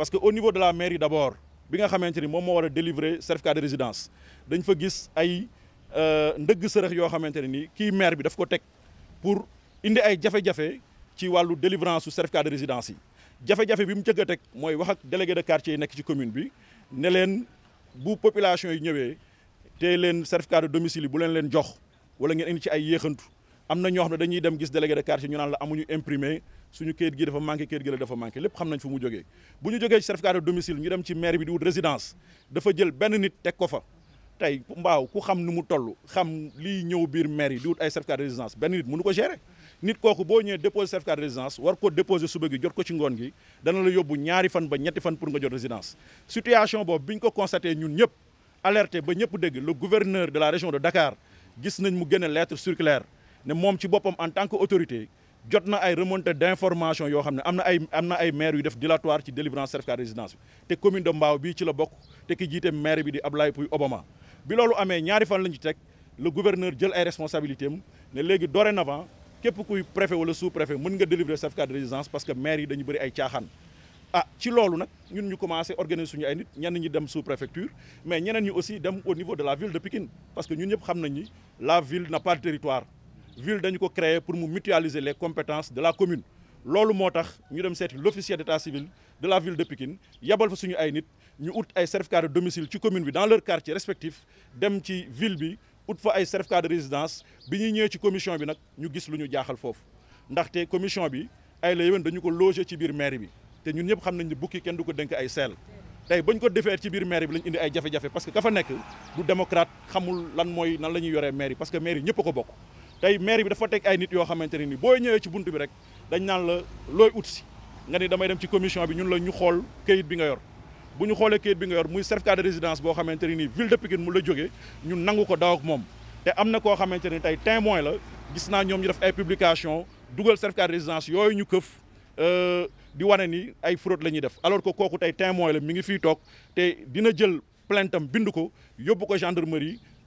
parce que au niveau de la mairie d'abord, abord bi nga xamante ni moom moo délivrer certificat de résidence dañ fa gis ay euh, ndëgg qui yoo xamante qui ni maire bi daf ko teg pour indi ay jafé jafé ci walu délivrance su certificat de résidence yi jafé jafe bi mu jëkk tek moy wax ak délégué de quartier nek ci commune bi ne leen bu population yi ñëwé té leen certificat de domicile bu leen leen jox wala ngeen indi ci ay yéexantu amna na ñoo xam dañuy dem gis délégué de quartier ñu naan la amuñu imprimer suñu kayit gi dafa manqué kayit gi la dafa manqué lepp xam nañ fu mu joggé buñu joggé ci certificat de domicile ñu dem ci maire bi di wut résidence dafa jël ben nit tek ko fa tey mbaaw ku xam nu mu tollu xam li ñew bir maire yi di wut ay certificat de résidence ben nit mënu ko gérer nit koku bo ñew déposer certificat de résidence war ko déposer suba gi jot ko ci ngone gi da na la yóbbu ñaari fan ba ñetti fan pour nga jot résidence situation boobu biñ ko constater ñun ñëpp alerté ba ñëpp dégg le gouverneur de la région de Dakar gis nañ mu gëné lettre circulaire ne mom ci bopam en tant que autorité jot ay remontée d'informations. yo xamné amna ay amna ay maire yu def dilatoire ci délivrance certificat de résidence té commune de Mbao bi ci la bok té ki jité maire bi di Ablaye Pouy Obama bi lolou amé ñaari fan lañu ci le gouverneur jël ay responsabilités am ne léegi dorénavant képp kuy préfet wala sous préfet mën nga délivrer certificat de résidence parce que maire yi dañu bari ay tiaxan ah ci lolou nak ñun ñu commencé organiser suñu ay nit ñen ñi dem sous préfecture mais ñeneen ñi aussi dem au niveau de la ville de Pikine parce que ñun ñëpp xam nañ ni la ville n'a pas de territoire ville dañu ko créer pour mu mutualiser les compétences de la commune loolu moo tax ñu dem seeti l'officier d'état civil de la ville de Pikine yabal fa suñu ay nit ñu ut ay certificat de domicile ci commune bi dans leur quartier respectif dem ci ville bi ut fa ay certificat de résidence bi ñuy ñëwee ci commission bi nag ñu gis lu ñu jaaxal foofu ndaxte commission bi ay la yéwén dañu ko loger ci biir mairie bi te ñun ñëpp xam nañ ne bukki kenn du ko ay seel tey bañ ko defee ci biir mairie bi lañ indi ay jafe-jafe parce que ka fa nekk du démocrate xamul lan mooy nan la ñuy yoree parce que mairie ñëpp a ko bokk tay maire bi dafa tek ay nit yo xamanteni ni boy ñëwé ci buntu bi rek dañ naan la loy ut nga ni damay dem ci commission bi ñun la ñu xol keuyit bi nga yor bu ñu xoolee kayit bi nga yor muy certificat de résidence bo xamanteni ni ville de Pikine mu la joggé ñun nanguko daw ak mom té amna ko xamanteni tay ne tey témoin la gis na ñom ñu def ay publication dugal certificat de résidence yoy ñu keuf euh di wané ni ay fraude la ñuy def alors que kooku tey témoin la mi ngi fi tok té dina jël plainte am bind ko yóbbu ko gendarmerie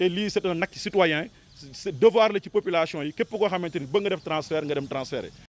Et lui, c'est un acte citoyen c'est devoir de la population Que képp koo xamante ni def transfert transférer